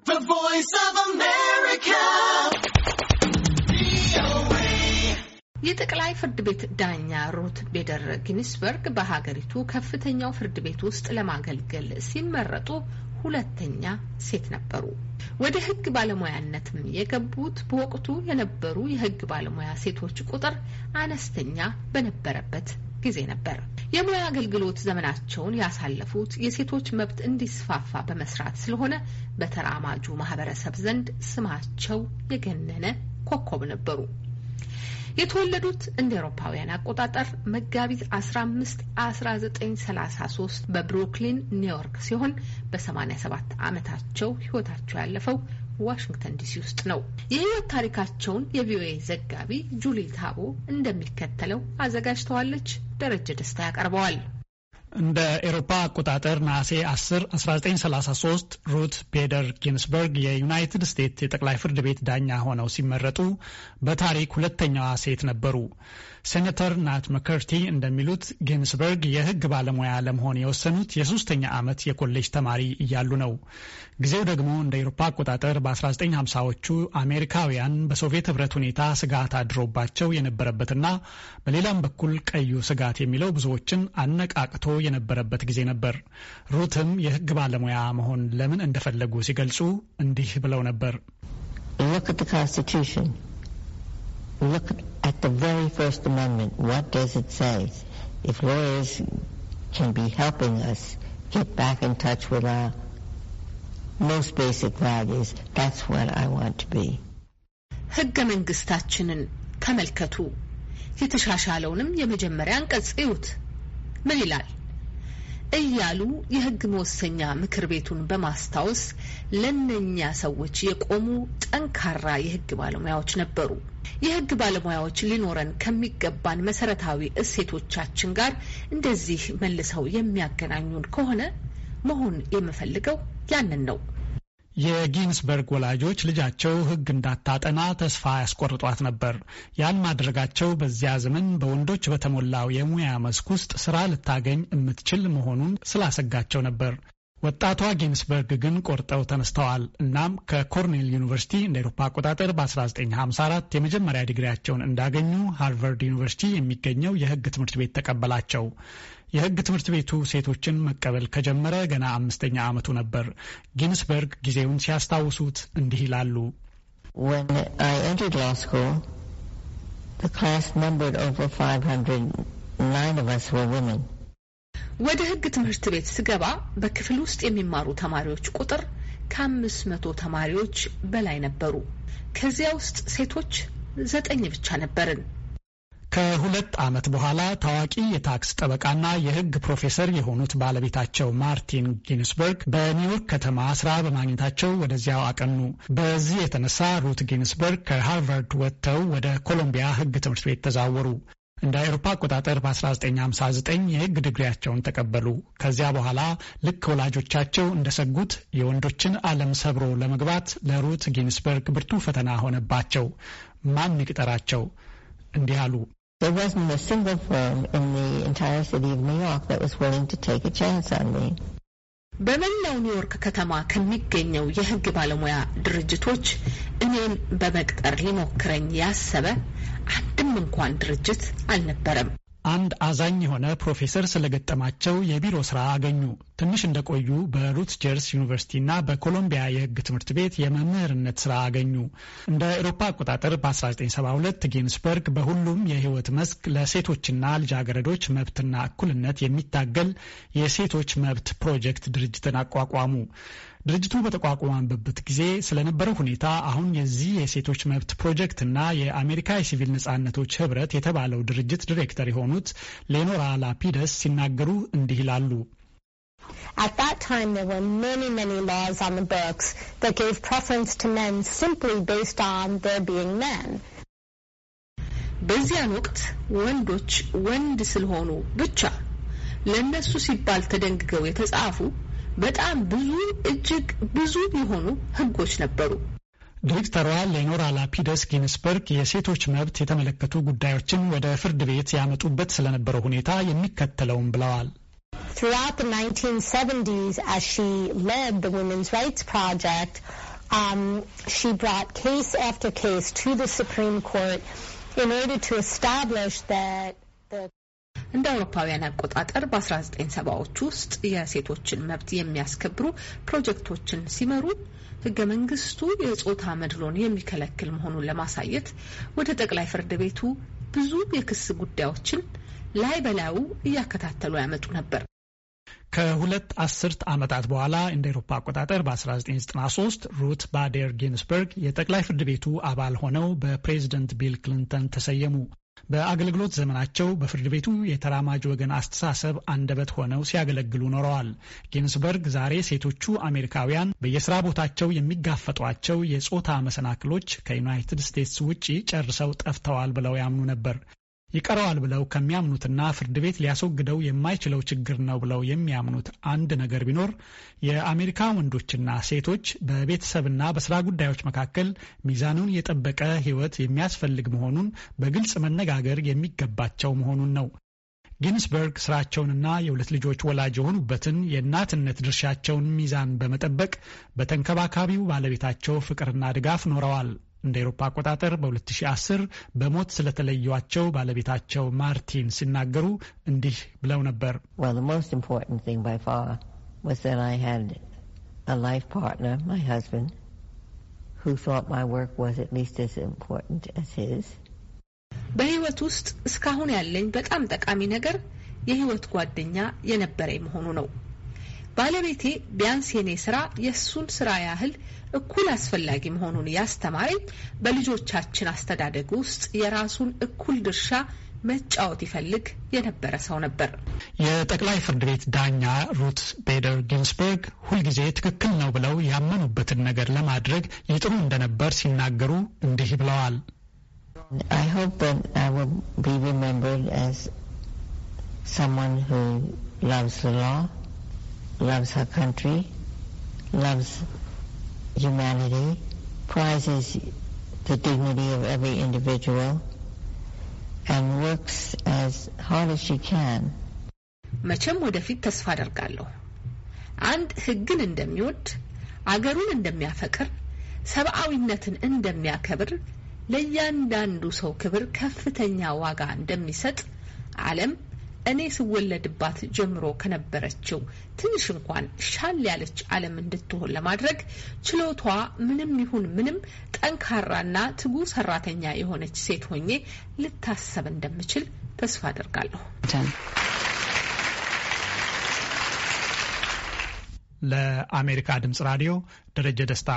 The Voice of America. የጠቅላይ ፍርድ ቤት ዳኛ ሩት ቤደር ጊንስበርግ በሀገሪቱ ከፍተኛው ፍርድ ቤት ውስጥ ለማገልገል ሲመረጡ ሁለተኛ ሴት ነበሩ። ወደ ሕግ ባለሙያነትም የገቡት በወቅቱ የነበሩ የሕግ ባለሙያ ሴቶች ቁጥር አነስተኛ በነበረበት ጊዜ ነበር። የሙያ አገልግሎት ዘመናቸውን ያሳለፉት የሴቶች መብት እንዲስፋፋ በመስራት ስለሆነ በተራማጁ ማህበረሰብ ዘንድ ስማቸው የገነነ ኮከብ ነበሩ። የተወለዱት እንደ አውሮፓውያን አቆጣጠር መጋቢት 15 1933 በብሩክሊን ኒውዮርክ ሲሆን በ87 ዓመታቸው ህይወታቸው ያለፈው ዋሽንግተን ዲሲ ውስጥ ነው። የህይወት ታሪካቸውን የቪኦኤ ዘጋቢ ጁሊ ታቦ እንደሚከተለው አዘጋጅተዋለች። ደረጀ ደስታ ያቀርበዋል። እንደ ኤሮፓ አቆጣጠር ነሐሴ 10 1933 ሩት ቤደር ጊንስበርግ የዩናይትድ ስቴትስ የጠቅላይ ፍርድ ቤት ዳኛ ሆነው ሲመረጡ በታሪክ ሁለተኛዋ ሴት ነበሩ። ሴኔተር ናት መከርቲ እንደሚሉት ጊንስበርግ የሕግ ባለሙያ ለመሆን የወሰኑት የሶስተኛ ዓመት የኮሌጅ ተማሪ እያሉ ነው። ጊዜው ደግሞ እንደ ኤሮፓ አቆጣጠር በ1950ዎቹ አሜሪካውያን በሶቪየት ህብረት ሁኔታ ስጋት አድሮባቸው የነበረበትና በሌላም በኩል ቀዩ ስጋት የሚለው ብዙዎችን አነቃቅቶ ተይዘው የነበረበት ጊዜ ነበር። ሩትም የህግ ባለሙያ መሆን ለምን እንደፈለጉ ሲገልጹ እንዲህ ብለው ነበር። ህገ መንግስታችንን ተመልከቱ። የተሻሻለውንም የመጀመሪያ አንቀጽ እዩት። ምን ይላል? እያሉ የህግ መወሰኛ ምክር ቤቱን በማስታወስ ለነኛ ሰዎች የቆሙ ጠንካራ የህግ ባለሙያዎች ነበሩ። የህግ ባለሙያዎች ሊኖረን ከሚገባን መሰረታዊ እሴቶቻችን ጋር እንደዚህ መልሰው የሚያገናኙን ከሆነ መሆን የምፈልገው ያንን ነው። የጊንስበርግ ወላጆች ልጃቸው ሕግ እንዳታጠና ተስፋ ያስቆርጧት ነበር። ያን ማድረጋቸው በዚያ ዘመን በወንዶች በተሞላው የሙያ መስክ ውስጥ ስራ ልታገኝ የምትችል መሆኑን ስላሰጋቸው ነበር። ወጣቷ ጊንስበርግ ግን ቆርጠው ተነስተዋል። እናም ከኮርኔል ዩኒቨርሲቲ እንደ ኤሮፓ አቆጣጠር በ1954 የመጀመሪያ ዲግሪያቸውን እንዳገኙ ሃርቫርድ ዩኒቨርሲቲ የሚገኘው የህግ ትምህርት ቤት ተቀበላቸው። የህግ ትምህርት ቤቱ ሴቶችን መቀበል ከጀመረ ገና አምስተኛ ዓመቱ ነበር። ጊንስበርግ ጊዜውን ሲያስታውሱት እንዲህ ይላሉ። ወደ ህግ ትምህርት ቤት ስገባ በክፍል ውስጥ የሚማሩ ተማሪዎች ቁጥር ከአምስት መቶ ተማሪዎች በላይ ነበሩ። ከዚያ ውስጥ ሴቶች ዘጠኝ ብቻ ነበርን። ከሁለት ዓመት በኋላ ታዋቂ የታክስ ጠበቃና የሕግ ፕሮፌሰር የሆኑት ባለቤታቸው ማርቲን ጊንስበርግ በኒውዮርክ ከተማ ስራ በማግኘታቸው ወደዚያው አቀኑ። በዚህ የተነሳ ሩት ጊንስበርግ ከሃርቫርድ ወጥተው ወደ ኮሎምቢያ ሕግ ትምህርት ቤት ተዛወሩ። እንደ አውሮፓ አቆጣጠር በ1959 የህግ ድግሪያቸውን ተቀበሉ። ከዚያ በኋላ ልክ ወላጆቻቸው እንደሰጉት የወንዶችን ዓለም ሰብሮ ለመግባት ለሩት ጊንስበርግ ብርቱ ፈተና ሆነባቸው። ማን ይቅጠራቸው? እንዲህ አሉ። There wasn't a single firm in the entire city of New York that was willing to take a chance on me. በመላው ኒውዮርክ ከተማ ከሚገኘው የሕግ ባለሙያ ድርጅቶች እኔን በመቅጠር ሊሞክረኝ ያሰበ አንድም እንኳን ድርጅት አልነበረም። አንድ አዛኝ የሆነ ፕሮፌሰር ስለገጠማቸው የቢሮ ስራ አገኙ። ትንሽ እንደቆዩ በሩትጀርስ ዩኒቨርሲቲና በኮሎምቢያ የህግ ትምህርት ቤት የመምህርነት ስራ አገኙ። እንደ አውሮፓ አቆጣጠር በ1972 ጌንስበርግ በሁሉም የህይወት መስክ ለሴቶችና ልጃገረዶች መብትና እኩልነት የሚታገል የሴቶች መብት ፕሮጀክት ድርጅትን አቋቋሙ። ድርጅቱ በተቋቋመበት ጊዜ ስለነበረው ሁኔታ አሁን የዚህ የሴቶች መብት ፕሮጀክትና የአሜሪካ የሲቪል ነጻነቶች ህብረት የተባለው ድርጅት ዲሬክተር የሆኑት ሌኖራ ላፒደስ ሲናገሩ እንዲህ ይላሉ። At that time, there were many, many laws on the books that gave preference to men simply based on their being men. በዚያን ወቅት ወንዶች ወንድ ስለሆኑ ብቻ ለእነሱ ሲባል ተደንግገው የተጻፉ በጣም ብዙ እጅግ ብዙ የሆኑ ሕጎች ነበሩ። ዲሬክተሯ ሌኖራ ላፒደስ ጊንስበርግ የሴቶች መብት የተመለከቱ ጉዳዮችን ወደ ፍርድ ቤት ያመጡበት ስለነበረው ሁኔታ የሚከተለውም ብለዋል። throughout the 1970s as she led the Women's Rights Project, um, she brought case after case to the Supreme Court in order to establish that the እንደ አውሮፓውያን አቆጣጠር በ1970ዎች ውስጥ የሴቶችን መብት የሚያስከብሩ ፕሮጀክቶችን ሲመሩ ህገ መንግስቱ የጾታ መድሎን የሚከለክል መሆኑን ለማሳየት ወደ ጠቅላይ ፍርድ ቤቱ ብዙ የክስ ጉዳዮችን ላይ በላዩ እያከታተሉ ያመጡ ነበር። ከሁለት አስርት ዓመታት በኋላ እንደ ኤሮፓ አቆጣጠር በ1993 ሩት ባዴር ጊንስበርግ የጠቅላይ ፍርድ ቤቱ አባል ሆነው በፕሬዝደንት ቢል ክሊንተን ተሰየሙ። በአገልግሎት ዘመናቸው በፍርድ ቤቱ የተራማጅ ወገን አስተሳሰብ አንደበት ሆነው ሲያገለግሉ ኖረዋል። ጊንስበርግ ዛሬ ሴቶቹ አሜሪካውያን በየስራ ቦታቸው የሚጋፈጧቸው የጾታ መሰናክሎች ከዩናይትድ ስቴትስ ውጪ ጨርሰው ጠፍተዋል ብለው ያምኑ ነበር። ይቀረዋል ብለው ከሚያምኑትና ፍርድ ቤት ሊያስወግደው የማይችለው ችግር ነው ብለው የሚያምኑት አንድ ነገር ቢኖር የአሜሪካ ወንዶችና ሴቶች በቤተሰብና በስራ ጉዳዮች መካከል ሚዛኑን የጠበቀ ሕይወት የሚያስፈልግ መሆኑን በግልጽ መነጋገር የሚገባቸው መሆኑን ነው። ጊንስበርግ ስራቸውንና የሁለት ልጆች ወላጅ የሆኑበትን የእናትነት ድርሻቸውን ሚዛን በመጠበቅ በተንከባካቢው ባለቤታቸው ፍቅርና ድጋፍ ኖረዋል። እንደ ኤሮፓ አቆጣጠር በ2010 በሞት ስለተለዩቸው ባለቤታቸው ማርቲን ሲናገሩ እንዲህ ብለው ነበር። በህይወት ውስጥ እስካሁን ያለኝ በጣም ጠቃሚ ነገር የህይወት ጓደኛ የነበረኝ መሆኑ ነው። ባለቤቴ ቢያንስ የኔ ስራ የእሱን ስራ ያህል እኩል አስፈላጊ መሆኑን ያስተማረኝ በልጆቻችን አስተዳደግ ውስጥ የራሱን እኩል ድርሻ መጫወት ይፈልግ የነበረ ሰው ነበር። የጠቅላይ ፍርድ ቤት ዳኛ ሩት ቤደር ጊንስበርግ ሁልጊዜ ትክክል ነው ብለው ያመኑበትን ነገር ለማድረግ ይጥሩ እንደነበር ሲናገሩ እንዲህ ብለዋል። loves her country, loves humanity, prizes the dignity of every individual, and works as hard as she can. መቼም ወደፊት ተስፋ አደርጋለሁ አንድ ሕግን እንደሚወድ አገሩን እንደሚያፈቅር ሰብአዊነትን እንደሚያከብር ለእያንዳንዱ ሰው ክብር ከፍተኛ ዋጋ እንደሚሰጥ ዓለም እኔ ስወለድባት ጀምሮ ከነበረችው ትንሽ እንኳን ሻል ያለች ዓለም እንድትሆን ለማድረግ ችሎቷ ምንም ይሁን ምንም ጠንካራና ትጉ ሰራተኛ የሆነች ሴት ሆኜ ልታሰብ እንደምችል ተስፋ አደርጋለሁ። ለአሜሪካ ድምጽ ራዲዮ ደረጀ ደስታ